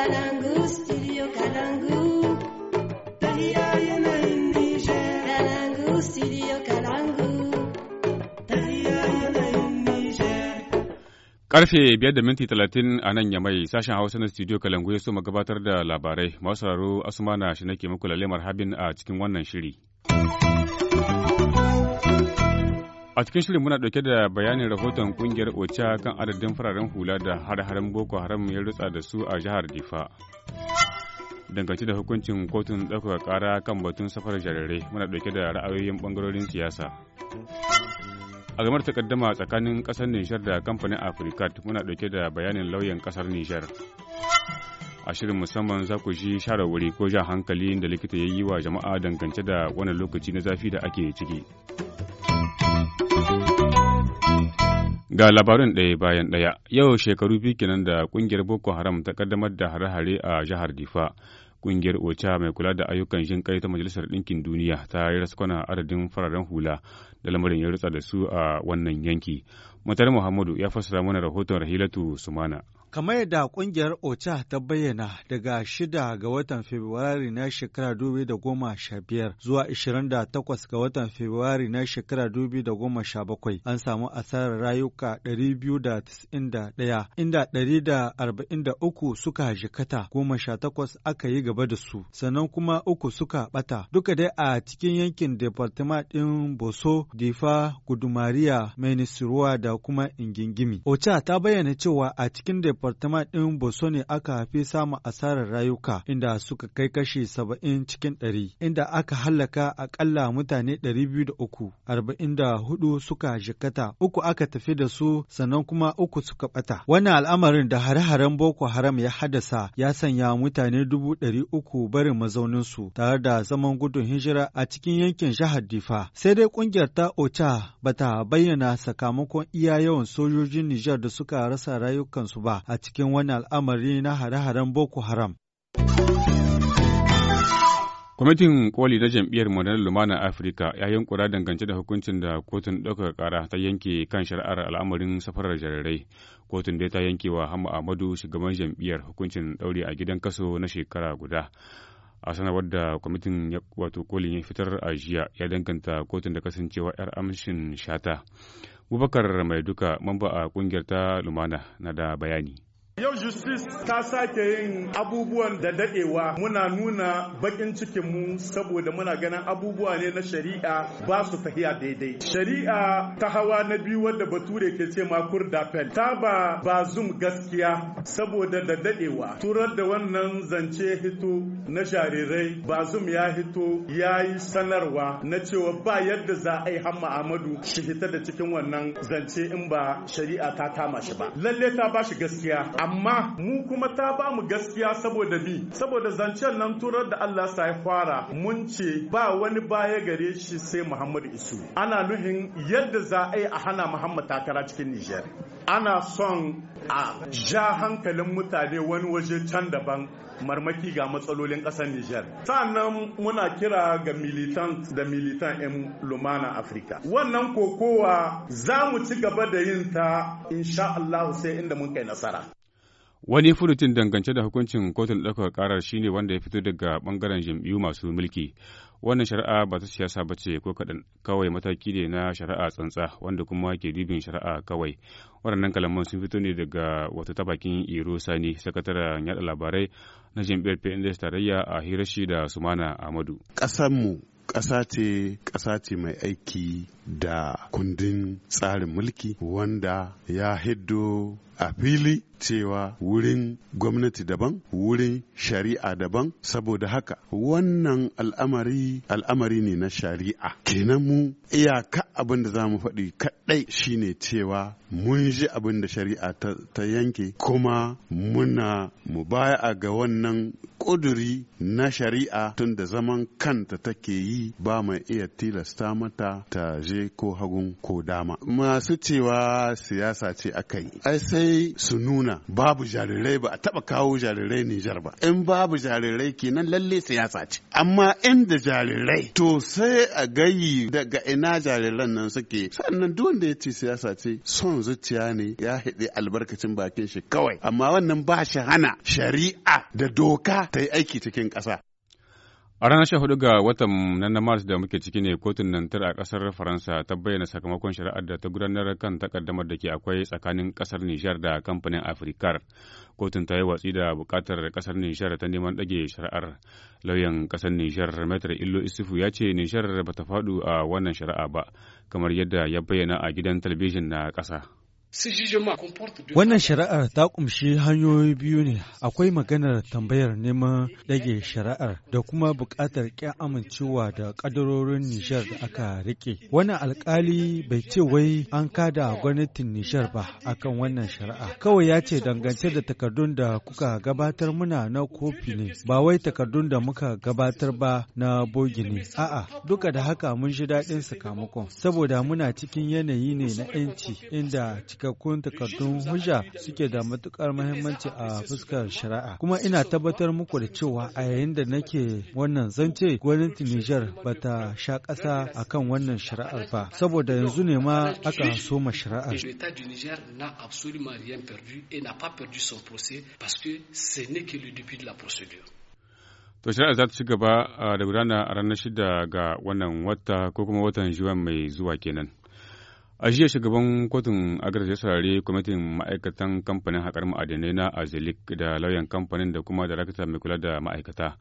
Kalangu, Karfe biyar da minti talatin a nan yamai sashen Hausa na studio Kalangu ya so gabatar da labarai. Masu sauraro Asumana shi nake muku lalemar habin a cikin wannan shiri. A cikin shirin muna ɗauke da bayanin rahoton ƙungiyar OCHA kan adadin fararen hula da har-haren Boko Haram ya rutsa da su a jihar Difa. Dangance da hukuncin kotun ɗaukaka kara kan batun safar jarirai muna ɗauke da ra'ayoyin ɓangarorin siyasa. A gamar takaddama tsakanin ƙasar Nijar da kamfanin Afrikat muna ɗauke da bayanin lauyan ƙasar Nijar. a shirin musamman za ku shi share wuri ko jan hankali da likita ya yi wa jama'a dangance da wani lokaci na zafi da ake ciki. Ga labarin ɗaya bayan ɗaya, yau shekaru biyu kenan da ƙungiyar Boko Haram ta ƙaddamar da hare-hare a jihar Difa. Ƙungiyar OCHA mai kula da ayyukan jin ƙai ta Majalisar Ɗinkin Duniya ta yi raskwana adadin fararen hula da lamarin ya rutsa da su a wannan yanki. Matar Muhammadu ya fassara mana rahoton Rahilatu Sumana. Kamar yadda ƙungiyar OCHA ta bayyana daga shida ga watan Fabrairu na shekara biyar zuwa ishirin da takwas ga watan Fabrairu na shekara bakwai, an samu asarar rayuka ɗaya, inda uku suka jikata takwas aka yi gaba da su sannan kuma uku suka ɓata duka dai a cikin yankin Departement ɗin Boso, Difa, Gudumariya, Minisruwa da kuma Ingingimi. OCHA ta bayyana cewa a cikin departament ɗin Boso aka hafi samun asarar rayuka inda suka kai kashi saba'in cikin ɗari, inda aka hallaka akalla mutane ɗari biyu da uku, arba'in da hudu suka jikata, uku aka tafi da su sannan kuma uku suka ɓata. Wannan al'amarin da hare-haren Boko Haram ya haddasa ya sanya mutane dubu ɗari uku barin mazauninsu tare da zaman gudun hijira a cikin yankin jihar Difa. Sai dai ƙungiyar ta OCHA bata bayyana sakamakon iya yawan sojojin Nijar da suka rasa rayukansu ba. a cikin wani al'amari na hare-haren Boko Haram. Kwamitin koli na jam'iyyar Modern Lumana Afirka ya yankura dangance da hukuncin da kotun ɗaukar ƙara ta yanke kan shari'ar al'amarin safarar jarirai. Kotun dai ta yanke wa Hamma Ahmadu shugaban jam'iyyar hukuncin ɗauri a gidan kaso na shekara guda. a sanarwar da kwamitin wato kolin ya fitar a jiya ya danganta kotun da kasancewa 'yar amshin shata Bubakar Mai Duka, mamba a ƙungiyar ta Lumana, na da bayani. Yau justice ta sake yin abubuwan da dadewa muna nuna bakin cikinmu saboda muna ganin abubuwa ne na shari'a ba su tafiya daidai. Shari'a ta hawa na biyu wadda bature ke ce ma kurdapel ta ba ba bazum gaskiya saboda da dadewa turar da wannan zance hito na jarirai ba bazum ya hito ya yi sanarwa na cewa ba yadda za a yi hamma Amadu shi hita da cikin wannan zance in ba shari'a ta kama shi ba. Lalle ta ba shi gaskiya amma mu kuma ta ba mu gaskiya saboda bi saboda zancen nan turar da Allah sa ya fara mun ce ba wani baya gare shi sai Muhammadu Isu ana nuhin yadda za a yi a hana Muhammad takara cikin Nijar ana son a ja hankalin mutane wani waje can daban marmaki ga matsalolin ƙasar Nijar. Sannan muna kira ga militant da militant 'yan lumana Afrika Wannan kokowa za mu ci gaba da yin ta insha Allah sai inda mun kai nasara. Wani furucin dangance da hukuncin kotun ɗaukar karar shine wanda ya fito daga bangaren jam'iyyu masu mulki. Wannan shari'a ba ta siyasa ba ce ko kaɗan kawai mataki ne na shari'a tsantsa wanda kuma ke dubin shari'a kawai. Waɗannan kalaman sun fito ne daga wata tabakin Iro Sani, sakataren yaɗa labarai na jam'iyyar PNDS tarayya a Hirashi da Sumana Ahmadu. Ƙasarmu ƙasa ce ƙasa ce mai aiki da kundin tsarin mulki wanda ya hiddo a fili cewa wurin gwamnati daban wurin shari'a daban saboda haka wannan al'amari al'amari ne na shari'a kenan mu iyaka abin da za mu faɗi kaɗai shine cewa mun ji abin da shari'a ta yanke kuma muna mu baya ga wannan ƙuduri na shari'a tun da zaman kanta take yi ba mai iya tilasta mata ta je ko hagun ko dama masu cewa siyasa ce aka yi ai sai jarirai su nuna babu jarirai ba a taba kawo jarirai Nijar ba in babu jarirai kenan lalle siyasa ce amma inda jarirai to sai a gayi daga ina jariran nan suke sannan duk wanda ya ce siyasa ce son zuciya ne ya haɗe albarkacin bakin shi kawai amma wannan ba shi hana shari'a da doka ta yi aiki cikin ƙasa A ranar sha hudu ga watan nan na Maris da muke ciki ne kotun Nantar a ƙasar Faransa ta bayyana sakamakon shari'ar da ta gudanar kan takaddamar da ke akwai tsakanin ƙasar Nijar da kamfanin Afrikar. Kotun ta yi watsi da buƙatar ƙasar Nijar ta neman ɗage shari'ar. Lauyan ƙasar Nijar Metar Illo Isufu ya ce Nijar ba ta faɗu a wannan shari'a ba, kamar yadda ya bayyana a gidan talabijin na ƙasa. Wannan shari'ar ta kumshi hanyoyi biyu ne, akwai maganar tambayar neman rage shari'ar da kuma buƙatar ƙin amincewa da ƙadarorin Nijar da aka rike. Wannan alƙali bai ce wai an kada gwamnatin Nijar ba akan wannan shari'a. Kawai ya ce dangance da takardun da kuka gabatar muna na kofi ne, ba wai takardun da muka gabatar ba na bogi ne. A'a, duka da haka mun ji daɗin sakamakon, saboda muna cikin yanayi ne na 'yanci inda cikakkun takardun hujja suke da matukar muhimmanci a fuskar shari'a kuma ina tabbatar muku da cewa a yayin da nake wannan zance gwamnatin niger ba ta sha ƙasa akan wannan shari'ar ba saboda yanzu ne ma aka soma shari'ar To shari'ar za ta ci gaba ah, da gudana a ranar shida ga wannan wata ko kuma watan juwan mai zuwa kenan. A jiya shugaban kotun agar ya saurari kwamitin ma'aikatan kamfanin haƙar ma'adanai na Azelik da lauyan kamfanin da kuma darakta mai kula da ma'aikata.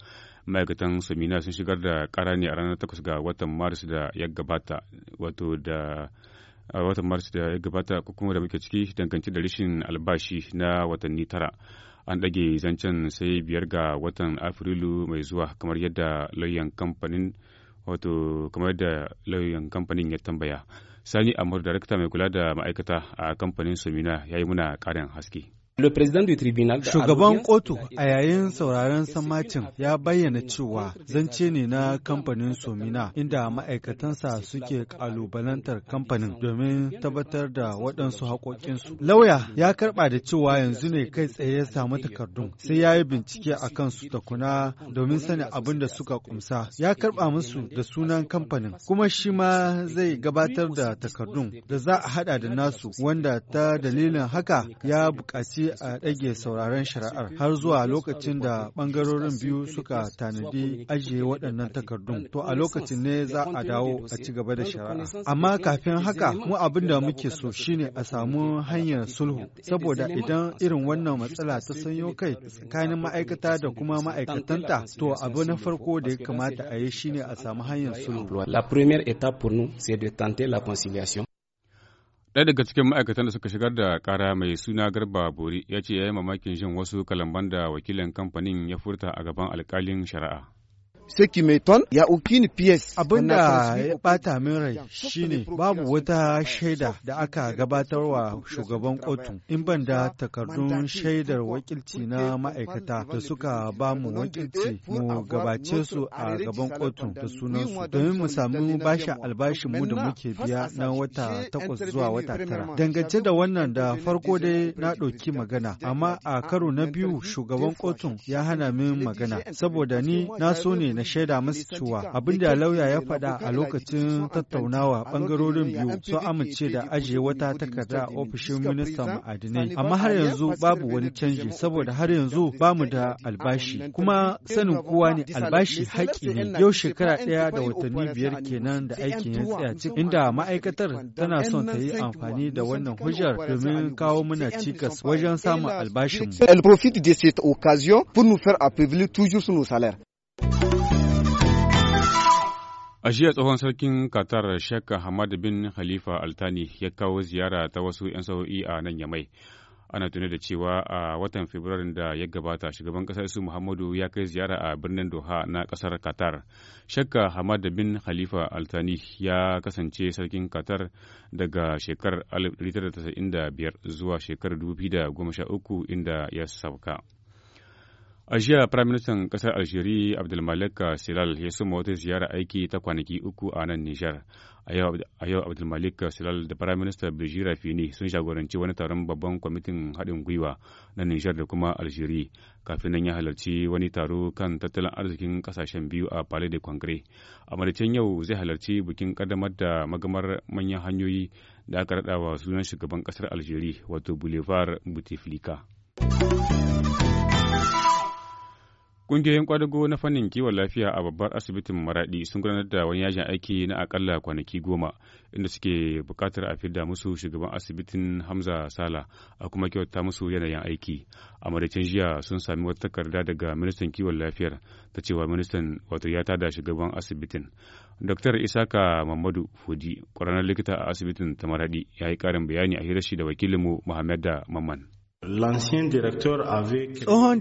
Ma'aikatan Samina sun shigar da ƙara ne a ranar takwas ga watan Maris da ya gabata, wato da a watan Maris da ya gabata kuma da muke ciki dangance da rashin albashi na watanni tara. An ɗage zancen sai biyar ga watan Afrilu mai zuwa kamar yadda lauyan kamfanin wato kamar yadda lauyan kamfanin ya tambaya. Sani Amur, darakta mai kula da ma'aikata a kamfanin Sumina, ya yi muna ƙarin haske. Shugaban kotu a yayin sauraron sammacin ya bayyana cewa zance ne na kamfanin Somina inda ma'aikatansa suke kalubalantar kamfanin domin tabbatar da waɗansu haƙoƙinsu. Lauya ya karɓa da cewa yanzu ne kai tsaye ya samu takardun sai ya yi bincike a kansu kuna domin sanin abin da suka kumsa. Ya karɓa musu da sunan kamfanin kuma shi ma zai gabatar da takardun da za a haɗa da nasu wanda ta dalilin haka ya buƙaci a ɗage sauraron shari'ar har zuwa lokacin da ɓangarorin biyu suka tanadi ajiye waɗannan takardun. To a lokacin ne za a dawo a ci gaba da shari'a. Amma kafin haka mu abin da muke so shine a samu hanyar sulhu saboda idan irin wannan matsala ta sanyo kai tsakanin ma'aikata da kuma ma'aikatanta to abu na farko da ya kamata a yi shine a samu hanyar sulhu. La première étape pour nous c'est de tenter la conciliation. Ɗaya daga cikin ma'aikatan da suka shigar da ƙara mai suna Garba Bori ya ce ya yi mamakin jin wasu kalamban da wakilin kamfanin ya furta a gaban alkalin shari'a. saki mai ton ya ukini ps abin da ya bata min rai shine babu wata shaida da aka gabatarwa shugaban kotu in ban da takardun shaidar wakilci na ma'aikata da suka ba mu wakilci mu gabace su a gaban kotu da sunansu domin mu samu bashin albashin mu da muke biya na wata takwas zuwa wata tara dangance da wannan da farko dai na ɗauki magana amma a karo na biyu shugaban kotun ya hana min magana saboda ni na so ne na shaida musu cewa abin da lauya ya faɗa a lokacin tattaunawa ɓangarorin biyu sun amince da ajiye wata takarda a ofishin ministan ma'adinai. Amma har yanzu babu wani canji saboda har yanzu bamu da albashi. Kuma sanin kowa ne albashi haƙƙi ne yau shekara ɗaya da watanni biyar kenan da aikin ya tsaya inda ma'aikatar tana son ta yi amfani da wannan hujjar domin kawo mana cikas wajen samun albashin. Elle profite de cette occasion pour nous faire A jiya tsohon sarkin Qatar Sheikh Hamad bin Khalifa Altani ya kawo ziyara ta wasu 'yan sa'o'i a nan Yamai. Ana tuni da cewa a watan Fabrairun da ya gabata shugaban kasar su Muhammadu ya kai ziyara a birnin Doha na kasar Qatar. shakka Hamad bin Khalifa Altani ya kasance sarkin Qatar daga shekarar 1995 zuwa shekarar 2013 inda ya sauka. A jiya Firaministan ƙasar Algeria Abdulmalik Silal ya suma wata ziyara aiki ta kwanaki uku a nan Nijar. A yau Abdulmalik Silal da minister Birjira Fini sun jagoranci wani taron babban kwamitin haɗin gwiwa na Nijar da kuma Algeria kafin nan ya halarci wani taro kan tattalin arzikin ƙasashen biyu a Palais de Congrès. A madacin yau zai halarci bikin ƙaddamar da magamar manyan hanyoyi da aka raɗa wa sunan shugaban ƙasar Algeria wato Boulevard Bouteflika. Ƙungiyoyin ƙwadago na fannin kiwon lafiya a babbar asibitin Maraɗi sun gudanar da wani yajin aiki na akalla kwanaki goma inda suke buƙatar a fidda musu shugaban asibitin Hamza Sala a kuma kyauta musu yanayin aiki. A madadin jiya sun sami wata takarda daga ministan kiwon lafiyar ta cewa ministan wato ya tada shugaban asibitin. Dr. Isaka Mamadu Fudi, ƙwararren likita a asibitin ta Maraɗi, ya yi ƙarin bayani a hirar shi da wakilinmu Muhammad Mamman. Tsohon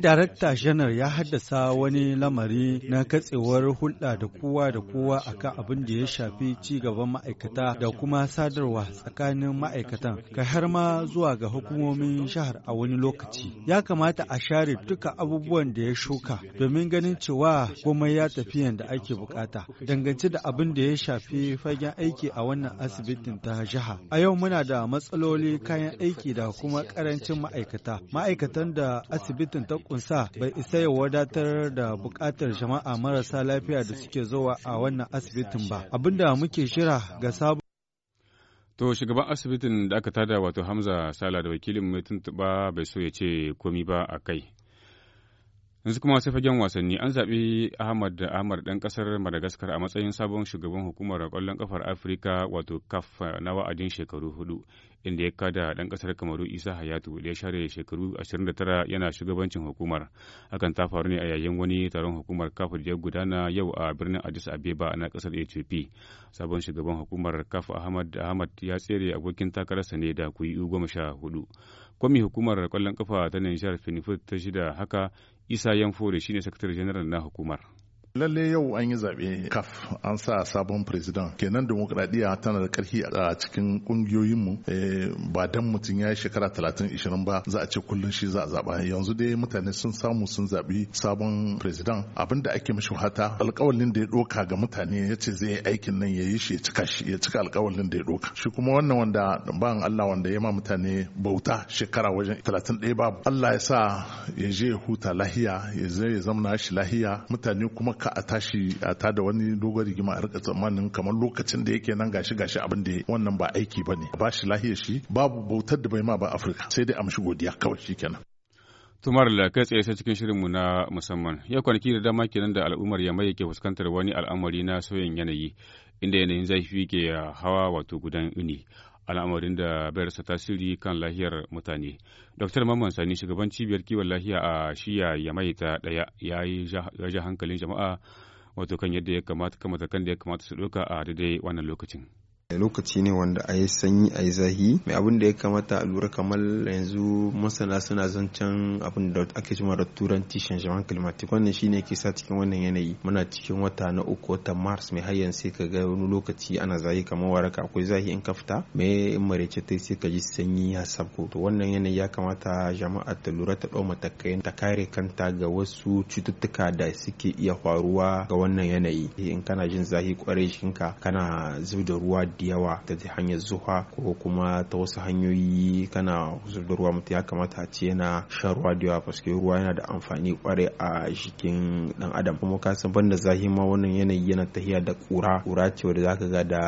Darakta Janar ya haddasa wani lamari na katsewar hulɗa da kowa da kowa a kan abin da ya shafi ci gaban ma'aikata da kuma sadarwa tsakanin ma'aikatan, ka har ma zuwa ga hukumomin shahar a wani lokaci. Ya kamata a share duka abubuwan da ya shuka domin ganin cewa komai ya tafi yadda ake bukata. Dangance da abin da ya shafi fagen aiki a wannan asibitin ta jiha. A yau muna da matsaloli kayan aiki da kuma ƙarancin ma'aikata. ma'aikata ma'aikatan da asibitin ta kunsa bai isa ya wadatar da bukatar jama'a marasa lafiya da suke zuwa a wannan asibitin ba abinda muke shira ga sabon To shugaban asibitin da aka tada wato Hamza Sala da wakilin mai tuntuɓa bai so ya ce komi ba a kai. yanzu kuma sai fagen wasanni an zaɓi ahmad da ahmad ɗan ƙasar madagascar a matsayin sabon shugaban hukumar ƙwallon ƙafar afirka wato kaf na wa'adin shekaru hudu inda ya kada ɗan ƙasar kamaru isa hayatu da ya share shekaru 29 yana shugabancin hukumar hakan ta faru ne a yayin wani taron hukumar kaf da ya gudana yau a birnin adis abeba na ƙasar ethiopia sabon shugaban hukumar kaf ahmad ahmad ya tsere abokin takararsa ne da kuyi goma sha hudu kwami hukumar kwallon kafa ta nishar finifit ta shida haka isa yanfore shine sakatare janar na hukumar lalle yau an yi zaɓe kaf an sa sabon president kenan demokradiyya tana da ƙarfi a cikin ƙungiyoyinmu eh, ba dan mutum ya yi shekara talatin ishirin ba za a ce kullum shi za a zaɓa yanzu dai mutane sun samu sun zaɓi sabon president abin da ake mashi hata alƙawalin da ya ɗoka ga mutane ya ce zai yi aikin nan ya yi shi ya cika shi ya cika alƙawalin da ya ɗoka shi kuma wannan wanda ba Allah wanda ya ma mutane bauta shekara wajen talatin ɗaya babu Allah ya sa ya je huta lahiya ya zai zamana shi lahiya mutane kuma haka a tashi a ta da wani dogon rigima a rika tsammanin kamar lokacin da yake nan gashi gashi abin da wannan ba aiki bane ba shi lahiyar shi babu bautar da bai ma ba Afirka sai dai amshi godiya kawai kenan tumar da kai tsaye sai cikin shirinmu na musamman yau kwanaki da dama kenan da al'ummar yamma yake fuskantar wani al'amari na sauyin yanayi inda yanayin zafi ke hawa wato gudan uni al'amarin da bayarsa tasiri kan lahiyar mutane. Dr. Mamman Sani shugaban cibiyar kiwon lahiya a shiya ya ta ɗaya ya yi ja hankalin jama'a wato kan yadda ya kamata kan matakan da ya kamata su ɗauka a daidai wannan lokacin. lokaci ne wanda a yi sanyi a yi zahi mai abin da ya kamata a lura kamar yanzu masana suna zancen abin da ake cewa da turanci changement climatique wannan shine ke sa cikin wannan yanayi muna cikin wata na uku wata mars mai hayan sai ka ga wani lokaci ana zahi kamar waraka akwai zahi in ka fita mai in marece ta sai ka ji sanyi ya sabko to wannan yanayi ya kamata jama'a ta lura ta ɗau matakai ta kare kanta ga wasu cututtuka da suke iya faruwa ga wannan yanayi in kana jin zahi kwarai shinka kana zub da ruwa yawa ta hanyar zuwa ko kuma ta wasu hanyoyi kana da ruwa mutum ya kamata a ce yana shan ruwa da yawa paske ruwa yana da amfani kwarai a jikin dan adam kuma ka san banda zahi ma wannan yanayi yana tahiya da kura kura ce wadda zaka ga da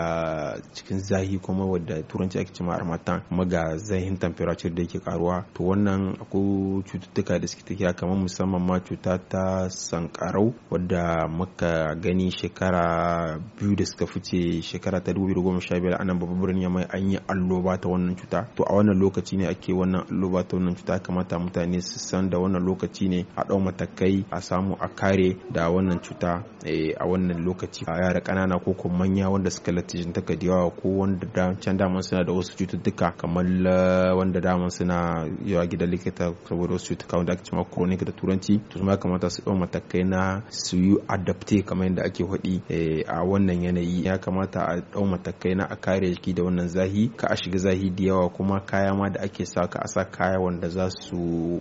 cikin zahi kuma wadda turanci ake cewa armatan kuma ga zahin temperature da yake karuwa to wannan akwai cututtuka da suke tahiya kamar musamman ma cuta ta sankarau wadda muka gani shekara biyu da suka fice shekara ta 2010 goma sha biyar anan babban birnin yamai an yi alloba ta wannan cuta to a wannan lokaci ne ake wannan alloba ta wannan cuta kamata mutane su san da wannan lokaci ne a ɗau matakai a samu a kare da wannan cuta eh, a wannan lokaci a yara ƙanana ko kuma manya wanda suka latijin taka ko wanda da can daman suna da wasu cututtuka kamar eh, wanda daman suna yawa gidan likita saboda wasu cututtuka wanda ake cewa chronic da turanci to kuma kamata su ɗau matakai na su yi adapte kamar yadda ake faɗi eh, a wannan yanayi ya kamata a ɗau matakai na a kare jiki da wannan zahi ka a shiga zahi da yawa kuma kaya ma da ake sa ka a sa kaya wanda za su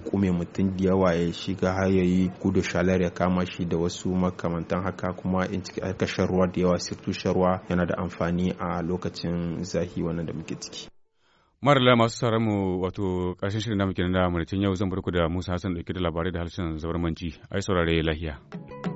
kume mutum da yawa ya shiga har yayi gudu shalar ya kama shi da wasu makamantan haka kuma in ciki aka shan ruwa da yawa sirtu shan ruwa yana da amfani a lokacin zahi wannan da muke ciki marla masu sauran mu wato karshen shirin namu kenan da mulkin yau zan barku da Musa Hassan dauke da labarai da harshen manji ai saurare lahiya